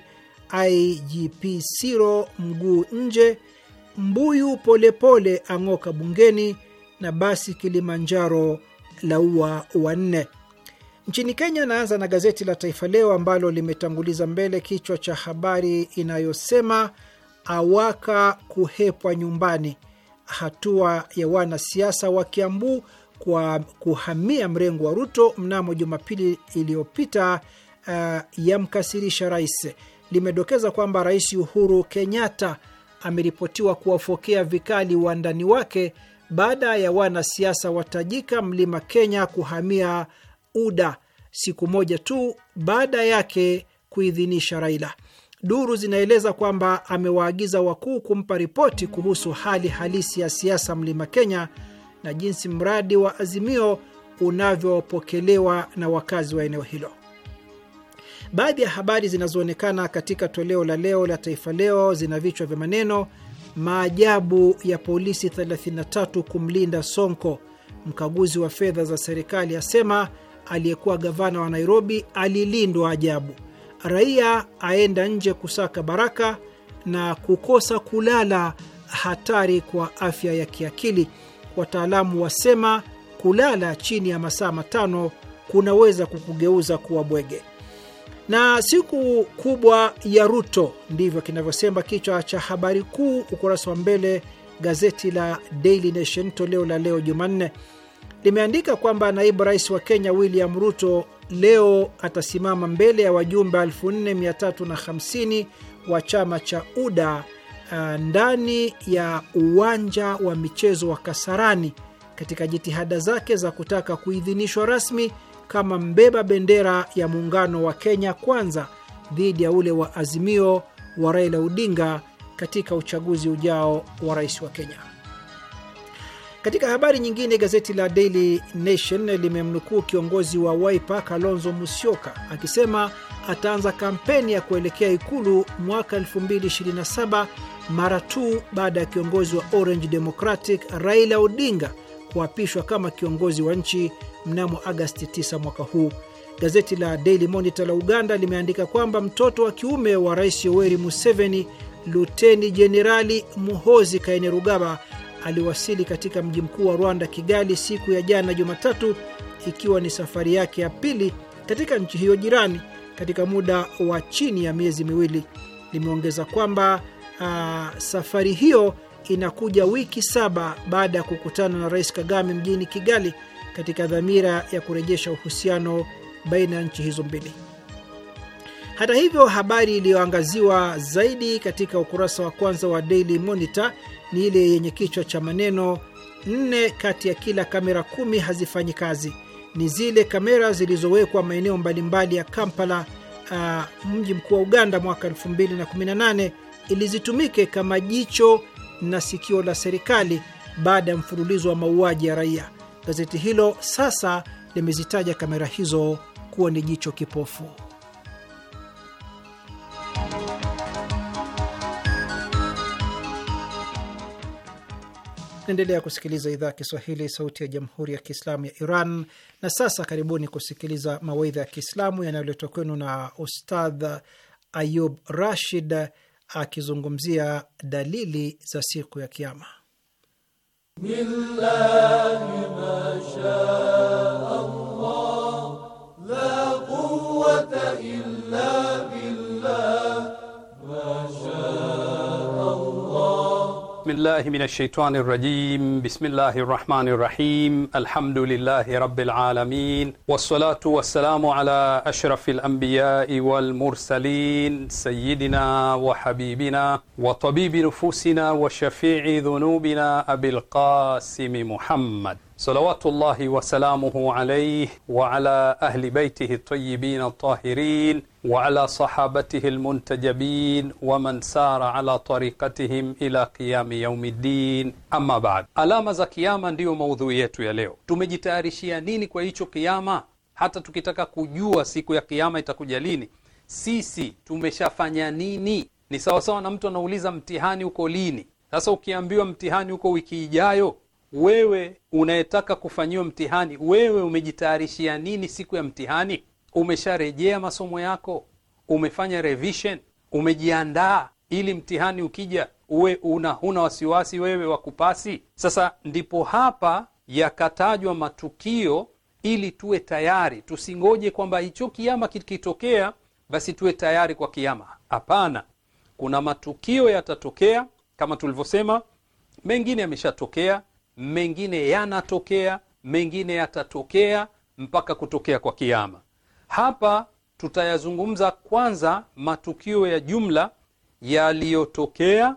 IGP Siro mguu nje, mbuyu polepole pole ang'oka bungeni, na basi Kilimanjaro laua wanne. Nchini Kenya, naanza na gazeti la Taifa Leo ambalo limetanguliza mbele kichwa cha habari inayosema awaka kuhepwa nyumbani, hatua ya wanasiasa wa Kiambu kwa kuhamia mrengo wa Ruto mnamo Jumapili iliyopita uh, yamkasirisha rais. Limedokeza kwamba Rais Uhuru Kenyatta ameripotiwa kuwafokea vikali wandani wake baada ya wanasiasa watajika mlima Kenya kuhamia UDA siku moja tu baada yake kuidhinisha Raila. Duru zinaeleza kwamba amewaagiza wakuu kumpa ripoti kuhusu hali halisi ya siasa mlima Kenya na jinsi mradi wa Azimio unavyopokelewa na wakazi wa eneo hilo. Baadhi ya habari zinazoonekana katika toleo la leo la Taifa Leo zina vichwa vya maneno: maajabu ya polisi 33 kumlinda Sonko, mkaguzi wa fedha za serikali asema aliyekuwa gavana wa Nairobi alilindwa ajabu. Raia aenda nje kusaka baraka na kukosa kulala, hatari kwa afya ya kiakili. Wataalamu wasema kulala chini ya masaa matano kunaweza kukugeuza kuwa bwege. Na siku kubwa ya Ruto, ndivyo kinavyosema kichwa cha habari kuu ukurasa wa mbele gazeti la Daily Nation toleo la leo Jumanne limeandika kwamba naibu rais wa Kenya William Ruto leo atasimama mbele ya wajumbe 4350 wa chama cha UDA uh, ndani ya uwanja wa michezo wa Kasarani katika jitihada zake za kutaka kuidhinishwa rasmi kama mbeba bendera ya muungano wa Kenya kwanza dhidi ya ule wa Azimio wa Raila Odinga katika uchaguzi ujao wa rais wa Kenya. Katika habari nyingine, gazeti la Daily Nation limemnukuu kiongozi wa Wiper Kalonzo Musyoka akisema ataanza kampeni ya kuelekea ikulu mwaka 2027 mara tu baada ya kiongozi wa Orange Democratic Raila Odinga kuapishwa kama kiongozi wa nchi mnamo Agasti 9 mwaka huu. Gazeti la Daily Monitor la Uganda limeandika kwamba mtoto wa kiume wa Rais Yoweri Museveni, Luteni Jenerali Muhozi Kainerugaba aliwasili katika mji mkuu wa Rwanda, Kigali, siku ya jana Jumatatu, ikiwa ni safari yake ya pili katika nchi hiyo jirani katika muda wa chini ya miezi miwili. Limeongeza kwamba ah, safari hiyo inakuja wiki saba baada ya kukutana na Rais Kagame mjini Kigali katika dhamira ya kurejesha uhusiano baina ya nchi hizo mbili. Hata hivyo, habari iliyoangaziwa zaidi katika ukurasa wa kwanza wa Daily Monitor ni ile yenye kichwa cha maneno nne kati ya kila kamera kumi hazifanyi kazi. Ni zile kamera zilizowekwa maeneo mbalimbali ya Kampala, uh, mji mkuu wa Uganda mwaka 2018 ili zitumike kama jicho na sikio la serikali baada ya mfululizo wa mauaji ya raia. Gazeti hilo sasa limezitaja kamera hizo kuwa ni jicho kipofu. Naendelea kusikiliza idhaa ya Kiswahili, sauti ya jamhuri ya kiislamu ya Iran. Na sasa karibuni kusikiliza mawaidha ya Kiislamu yanayoletwa kwenu na Ustadh Ayub Rashid akizungumzia dalili za siku ya Kiama.
بسم الله من الشيطان الرجيم بسم الله الرحمن الرحيم الحمد لله رب العالمين والصلاة والسلام على أشرف الأنبياء والمرسلين سيدنا وحبيبنا وطبيب نفوسنا وشفيع ذنوبنا أبي القاسم محمد salawatullahi wasalamuhu alayhi wa ahli baitihi tayyibin atahirin wa sahabatihi almuntajabin wa sara ala tariqatihim ila qiyami yaumiddin, amma baad. Alama za kiama ndiyo maudhui yetu ya leo. Tumejitayarishia nini kwa hicho kiama Hata tukitaka kujua siku ya kiyama itakuja lini, sisi tumeshafanya nini? Ni sawasawa na mtu anauliza mtihani uko lini. Sasa ukiambiwa mtihani uko wiki ijayo wewe unayetaka kufanyiwa mtihani, wewe umejitayarishia nini siku ya mtihani? Umesharejea masomo yako? Umefanya revision? Umejiandaa ili mtihani ukija uwe una huna wasiwasi wewe wa kupasi. Sasa ndipo hapa yakatajwa matukio ili tuwe tayari, tusingoje kwamba hicho kiama kikitokea basi tuwe tayari kwa kiama. Hapana, kuna matukio yatatokea kama tulivyosema, mengine yameshatokea mengine yanatokea, mengine yatatokea mpaka kutokea kwa kiama. Hapa tutayazungumza kwanza matukio ya jumla yaliyotokea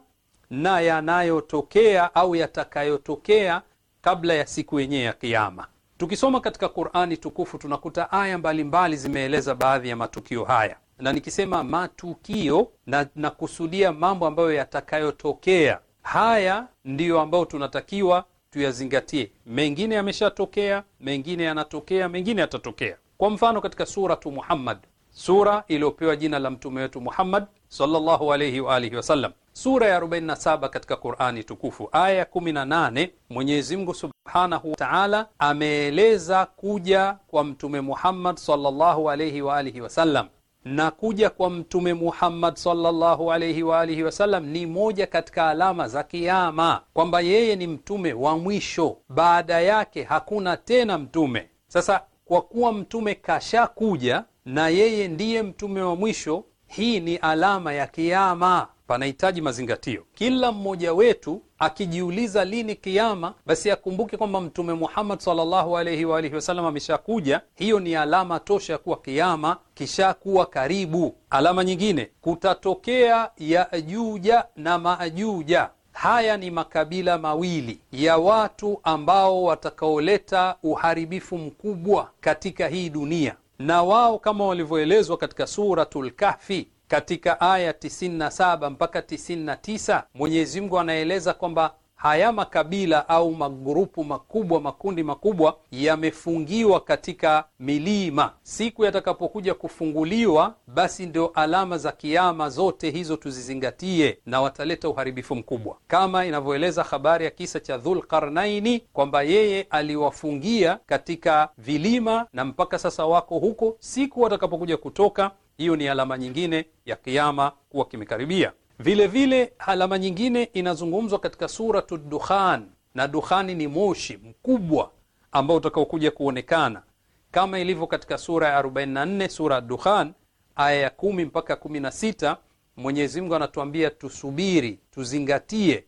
na yanayotokea au yatakayotokea kabla ya siku yenyewe ya kiama. Tukisoma katika Qur'ani tukufu tunakuta aya mbalimbali zimeeleza baadhi ya matukio haya, na nikisema matukio na nakusudia mambo ambayo yatakayotokea. Haya ndiyo ambayo tunatakiwa tuyazingatie. Mengine yameshatokea, mengine yanatokea, mengine yatatokea. Kwa mfano katika Suratu Muhammad, sura iliyopewa jina la mtume wetu Muhammad sallallahu alayhi wa alihi wasallam, sura ya 47 katika Qur'ani tukufu, aya ya 18, Mwenyezi Mungu subhanahu wa ta'ala ameeleza kuja kwa mtume Muhammad sallallahu alayhi wa alihi wasallam na kuja kwa Mtume Muhammad sallallahu alaihi wa alihi wasallam ni moja katika alama za Kiama, kwamba yeye ni mtume wa mwisho. Baada yake hakuna tena mtume. Sasa kwa kuwa mtume kashakuja na yeye ndiye mtume wa mwisho, hii ni alama ya Kiama, panahitaji mazingatio. Kila mmoja wetu akijiuliza lini kiama, basi akumbuke kwamba Mtume Muhammad sallallahu alayhi wa alihi wasallam ameshakuja. Hiyo ni alama tosha ya kuwa kiama kishakuwa karibu. Alama nyingine, kutatokea Yajuja na Majuja. Haya ni makabila mawili ya watu ambao watakaoleta uharibifu mkubwa katika hii dunia, na wao kama walivyoelezwa katika Suratul Kahfi katika aya 97 mpaka 99 Mwenyezi Mungu anaeleza kwamba haya makabila au magrupu makubwa makundi makubwa yamefungiwa katika milima. Siku yatakapokuja kufunguliwa, basi ndio alama za kiama zote hizo tuzizingatie, na wataleta uharibifu mkubwa, kama inavyoeleza habari ya kisa cha Dhulqarnaini kwamba yeye aliwafungia katika vilima na mpaka sasa wako huko. Siku watakapokuja kutoka hiyo ni alama nyingine ya kiama kuwa kimekaribia. Vile vile alama nyingine inazungumzwa katika suratu Dukhan, na dukhani ni moshi mkubwa ambao utakaokuja kuonekana kama ilivyo katika sura ya 44 sura Dukhan aya ya 1 mpaka 16 mwenyezimngu Mwenyezi Mungu anatuambia tusubiri, tuzingatie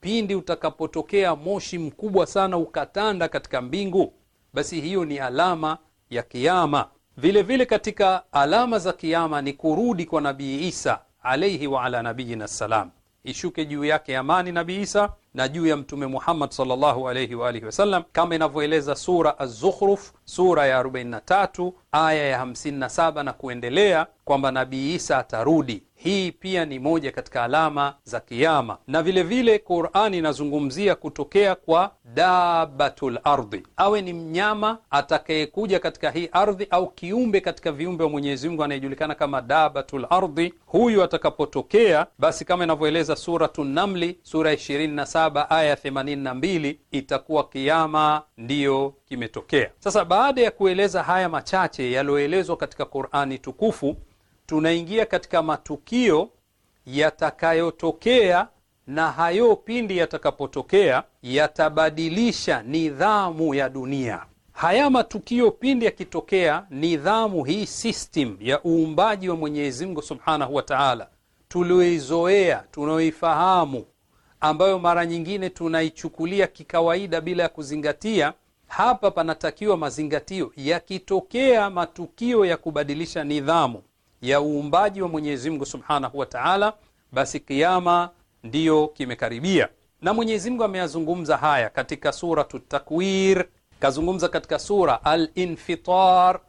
pindi utakapotokea moshi mkubwa sana ukatanda katika mbingu, basi hiyo ni alama ya kiama. Vile vile katika alama za Kiama ni kurudi kwa Nabii Isa alaihi wa ala nabiyina salam, ishuke juu yake amani Nabii Isa na juu ya Mtume Muhammad sallallahu alaihi wa alihi wasallam, kama inavyoeleza sura Az-Zukhruf sura ya 43 aya ya 57 na kuendelea kwamba Nabii Isa atarudi hii pia ni moja katika alama za Kiama, na vilevile Qurani inazungumzia kutokea kwa dabatul ardhi, awe ni mnyama atakayekuja katika hii ardhi au kiumbe katika viumbe wa Mwenyezi Mungu anayejulikana kama dabatul ardhi. Huyu atakapotokea, basi kama inavyoeleza Suratu Namli sura 27 aya 82, itakuwa kiama ndiyo kimetokea. Sasa baada ya kueleza haya machache yaliyoelezwa katika Qurani tukufu tunaingia katika matukio yatakayotokea na hayo pindi yatakapotokea yatabadilisha nidhamu ya dunia. Haya matukio pindi yakitokea, nidhamu hii, system ya uumbaji wa Mwenyezi Mungu Subhanahu wa Ta'ala, tulioizoea tunaoifahamu, ambayo mara nyingine tunaichukulia kikawaida bila ya kuzingatia. Hapa panatakiwa mazingatio. Yakitokea matukio ya kubadilisha nidhamu ya uumbaji wa Mwenyezi Mungu Subhanahu wa Ta'ala, basi kiyama ndiyo kimekaribia. Na Mwenyezi Mungu ameyazungumza haya katika suratu Takwir, kazungumza katika sura Al-Infitar,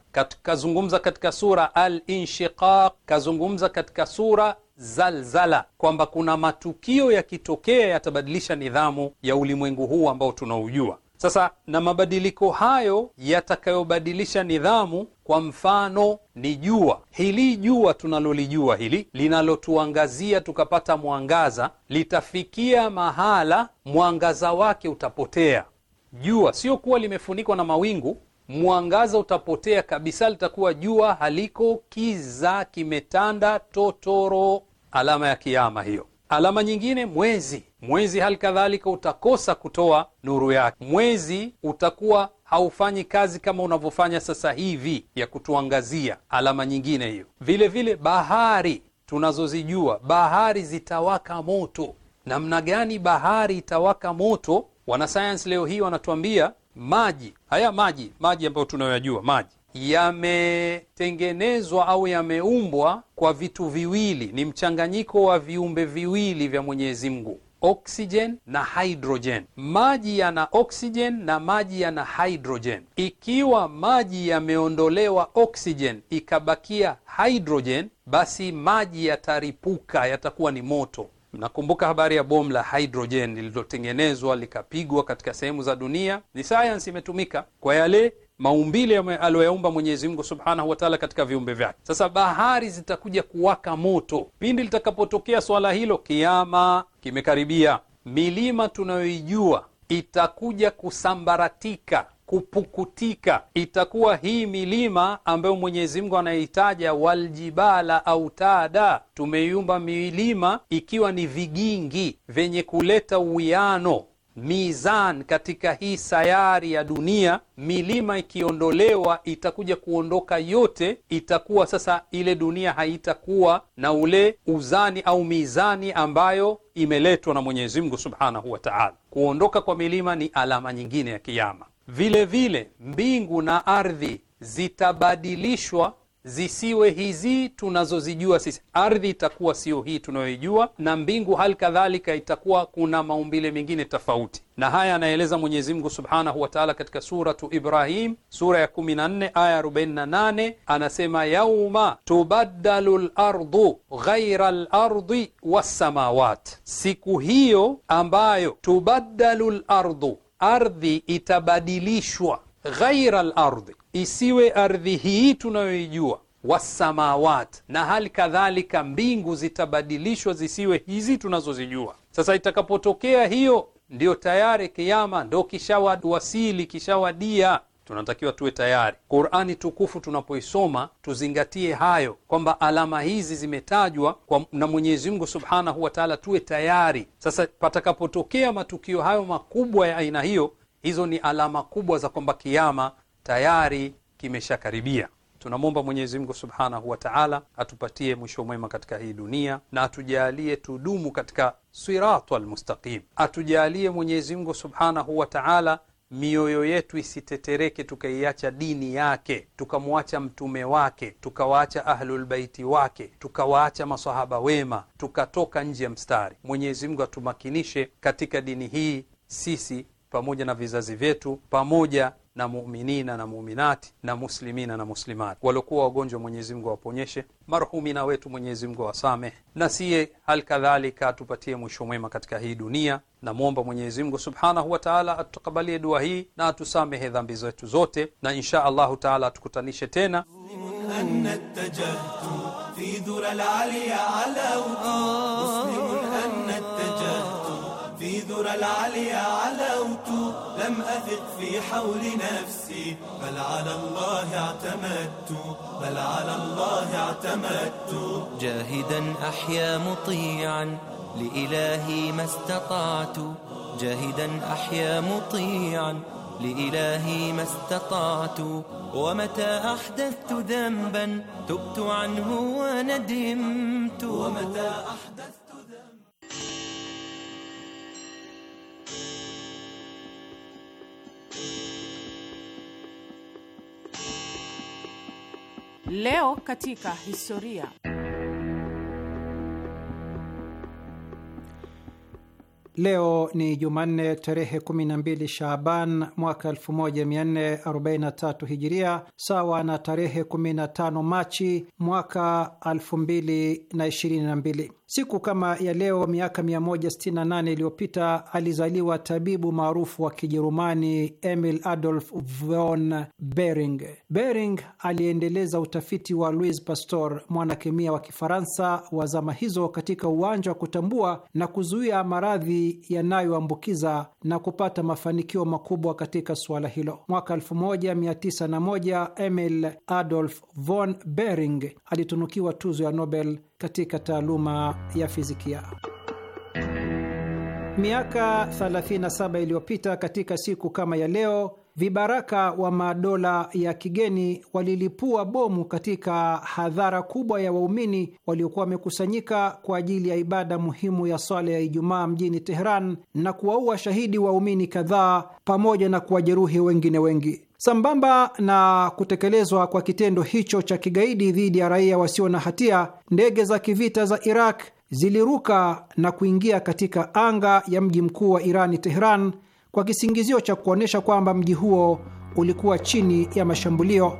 kazungumza katika sura Al-Inshiqaq, kazungumza katika sura Zalzala, kwamba kuna matukio yakitokea yatabadilisha nidhamu ya ulimwengu huu ambao tunaujua sasa, na mabadiliko hayo yatakayobadilisha nidhamu kwa mfano ni jua hili, jua tunalolijua hili linalotuangazia tukapata mwangaza, litafikia mahala mwangaza wake utapotea. Jua sio kuwa limefunikwa na mawingu, mwangaza utapotea kabisa, litakuwa jua haliko, kiza kimetanda totoro. Alama ya kiama hiyo. Alama nyingine mwezi. Mwezi hali kadhalika utakosa kutoa nuru yake, mwezi utakuwa haufanyi kazi kama unavyofanya sasa hivi ya kutuangazia. Alama nyingine hiyo vile vile, bahari tunazozijua, bahari zitawaka moto. Namna gani bahari itawaka moto? Wanasayansi leo hii wanatuambia maji haya, maji maji ambayo tunayoyajua maji yametengenezwa au yameumbwa kwa vitu viwili, ni mchanganyiko wa viumbe viwili vya Mwenyezi Mungu oksijen na hydrogen. Maji yana oksijen na maji yana hydrogen. Ikiwa maji yameondolewa oksijen ikabakia hydrogen, basi maji yataripuka, yatakuwa ni moto. Mnakumbuka habari ya bomu la hydrogen lililotengenezwa likapigwa katika sehemu za dunia? Ni sayansi imetumika kwa yale maumbile aliyoyaumba Mwenyezi Mungu subhanahu wa taala katika viumbe vyake. Sasa bahari zitakuja kuwaka moto pindi litakapotokea swala hilo, kiama kimekaribia. Milima tunayoijua itakuja kusambaratika, kupukutika. Itakuwa hii milima ambayo Mwenyezi Mungu anaitaja waljibala au tada, tumeiumba milima ikiwa ni vigingi vyenye kuleta uwiano mizan katika hii sayari ya dunia. Milima ikiondolewa itakuja kuondoka yote, itakuwa sasa ile dunia haitakuwa na ule uzani au mizani ambayo imeletwa na Mwenyezi Mungu Subhanahu wa Ta'ala. Kuondoka kwa milima ni alama nyingine ya kiyama. vilevile vile mbingu na ardhi zitabadilishwa zisiwe hizi tunazozijua sisi. Ardhi itakuwa sio hii tunayoijua, na mbingu hali kadhalika itakuwa kuna maumbile mengine tofauti. Na haya anaeleza Mwenyezi Mungu subhanahu wa taala katika Suratu Ibrahim, sura ya 14 aya 48, anasema yauma tubaddalu lardu ghaira lardi wassamawat, siku hiyo ambayo tubaddalu lardu, ardhi itabadilishwa ghaira lardhi, isiwe ardhi hii tunayoijua, wasamawat, na hali kadhalika mbingu zitabadilishwa zisiwe hizi tunazozijua. Sasa itakapotokea hiyo, ndiyo tayari kiama ndo kishawasili, kishawadia. Tunatakiwa tuwe tayari. Qurani tukufu tunapoisoma tuzingatie hayo, kwamba alama hizi zimetajwa kwa na Mwenyezi Mungu subhanahu wa taala, tuwe tayari. Sasa patakapotokea matukio hayo makubwa ya aina hiyo Hizo ni alama kubwa za kwamba kiama tayari kimeshakaribia. Tunamwomba Mwenyezi Mungu subhanahu wa taala atupatie mwisho mwema katika hii dunia na atujalie tudumu katika sirata lmustaqim. Atujalie Mwenyezi Mungu subhanahu wa taala mioyo yetu isitetereke, tukaiacha dini yake, tukamwacha mtume wake, tukawaacha ahlulbaiti wake, tukawaacha masahaba wema, tukatoka nje ya mstari. Mwenyezi Mungu atumakinishe katika dini hii sisi pamoja na vizazi vyetu pamoja na muminina na muminati na muslimina na muslimati waliokuwa wagonjwa, Mwenyezi Mungu awaponyeshe. Marhumina wetu Mwenyezi Mungu awasamehe, na siye hali kadhalika atupatie mwisho mwema katika hii dunia. Namwomba Mwenyezi Mungu subhanahu wa taala atukubalie dua hii na atusamehe dhambi zetu zote, na insha Allahu taala atukutanishe tena
الدور العالي علوت لم أثق في حول نفسي بل على الله اعتمدت بل على الله اعتمدت جاهدا أحيا مطيعا لإلهي ما استطعت جاهدا أحيا مطيعا لإلهي ما استطعت ومتى أحدثت ذنبا تبت عنه وندمت ومتى أحدثت
Leo katika historia.
Leo ni Jumanne tarehe 12 Shaaban mwaka 1443 Hijiria, sawa na tarehe 15 Machi mwaka 2022. Siku kama ya leo miaka 168 iliyopita alizaliwa tabibu maarufu wa Kijerumani Emil Adolf von Bering. Bering aliendeleza utafiti wa Louis Pasteur, mwanakemia wa Kifaransa wa zama hizo, katika uwanja wa kutambua na kuzuia maradhi yanayoambukiza na kupata mafanikio makubwa katika suala hilo. Mwaka 1901 Emil Adolf von Bering alitunukiwa tuzo ya Nobel katika taaluma ya fizikia. Miaka 37 iliyopita katika siku kama ya leo, vibaraka wa madola ya kigeni walilipua bomu katika hadhara kubwa ya waumini waliokuwa wamekusanyika kwa ajili ya ibada muhimu ya swala ya Ijumaa mjini Teheran na kuwaua shahidi waumini kadhaa pamoja na kuwajeruhi wengine wengi. Sambamba na kutekelezwa kwa kitendo hicho cha kigaidi dhidi ya raia wasio na hatia, ndege za kivita za Iraq ziliruka na kuingia katika anga ya mji mkuu wa Irani, Teheran, kwa kisingizio cha kuonyesha kwamba mji huo ulikuwa chini ya mashambulio.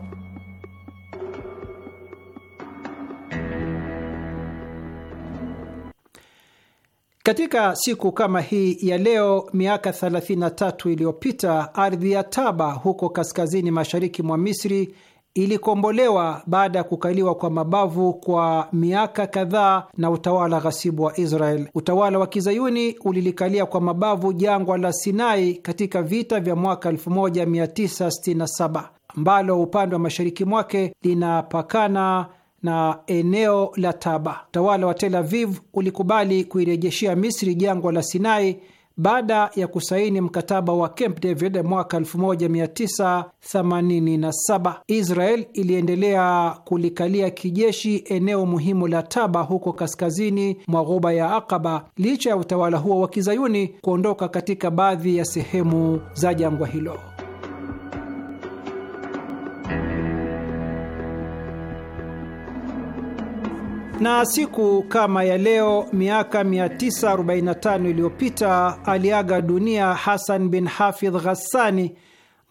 Katika siku kama hii ya leo miaka 33 iliyopita ardhi ya Taba huko kaskazini mashariki mwa Misri ilikombolewa baada ya kukaliwa kwa mabavu kwa miaka kadhaa na utawala ghasibu wa Israel. Utawala wa kizayuni ulilikalia kwa mabavu jangwa la Sinai katika vita vya mwaka 1967 ambalo upande wa mashariki mwake linapakana na eneo la Taba. Utawala wa Tel Aviv ulikubali kuirejeshea Misri jangwa la Sinai baada ya kusaini mkataba wa Camp David mwaka 1987. Israel iliendelea kulikalia kijeshi eneo muhimu la Taba huko kaskazini mwa ghuba ya Akaba licha ya utawala huo wa kizayuni kuondoka katika baadhi ya sehemu za jangwa hilo. na siku kama ya leo miaka 945 iliyopita aliaga dunia Hasan bin Hafidh Ghassani,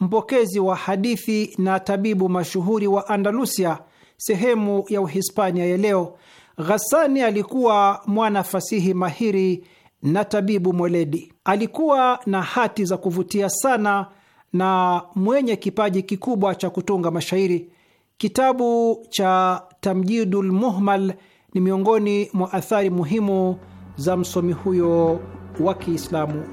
mpokezi wa hadithi na tabibu mashuhuri wa Andalusia, sehemu ya Uhispania ya leo. Ghassani alikuwa mwana fasihi mahiri na tabibu mweledi. Alikuwa na hati za kuvutia sana na mwenye kipaji kikubwa cha kutunga mashairi. Kitabu cha Tamjidul Muhmal ni miongoni mwa athari muhimu za msomi huyo wa Kiislamu.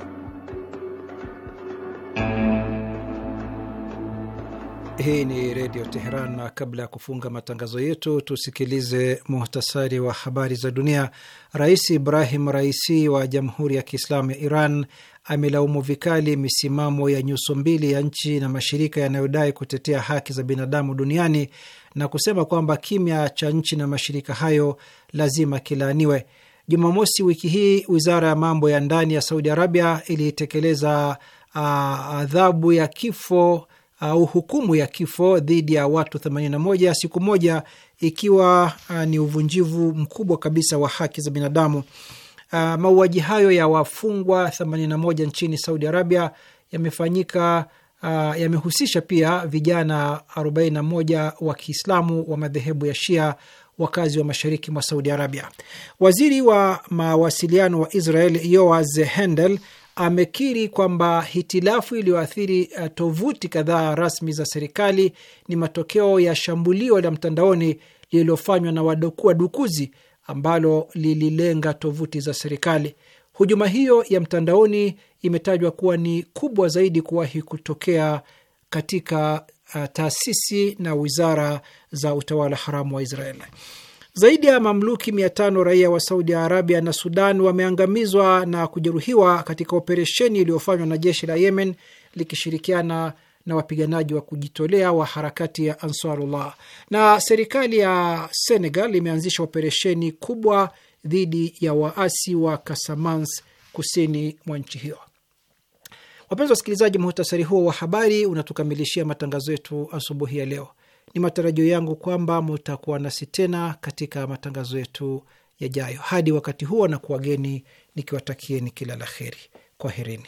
Hii ni Redio Teheran, na kabla ya kufunga matangazo yetu tusikilize muhtasari wa habari za dunia. Rais Ibrahim Raisi wa Jamhuri ya Kiislamu ya Iran amelaumu vikali misimamo ya nyuso mbili ya nchi na mashirika yanayodai kutetea haki za binadamu duniani na kusema kwamba kimya cha nchi na mashirika hayo lazima kilaaniwe. Jumamosi wiki hii wizara ya mambo ya ndani ya Saudi Arabia ilitekeleza uh, adhabu ya kifo au uh, hukumu ya kifo dhidi ya watu 81 siku moja, ikiwa uh, ni uvunjivu mkubwa kabisa wa haki za binadamu. Uh, mauaji hayo ya wafungwa 81 nchini Saudi Arabia yamefanyika uh, yamehusisha pia vijana 41 wa Kiislamu wa madhehebu ya Shia wakazi wa mashariki mwa Saudi Arabia. Waziri wa mawasiliano wa Israel Yoaz Hendel amekiri kwamba hitilafu iliyoathiri eh, tovuti kadhaa rasmi za serikali ni matokeo ya shambulio la mtandaoni lililofanywa na wadukuzi ambalo lililenga tovuti za serikali. Hujuma hiyo ya mtandaoni imetajwa kuwa ni kubwa zaidi kuwahi kutokea katika uh, taasisi na wizara za utawala haramu wa israel Zaidi ya mamluki mia tano raia wa Saudi Arabia na Sudan wameangamizwa na kujeruhiwa katika operesheni iliyofanywa na jeshi la Yemen likishirikiana na wapiganaji wa kujitolea wa harakati ya Ansarullah. Na serikali ya Senegal imeanzisha operesheni kubwa dhidi ya waasi wa Casamance kusini mwa nchi hiyo. Wapenzi wasikilizaji, muhtasari huo wa habari unatukamilishia matangazo yetu asubuhi ya leo. Ni matarajio yangu kwamba mutakuwa nasi tena katika matangazo yetu yajayo. Hadi wakati huo, na kuwageni nikiwatakieni kila la heri. Kwaherini.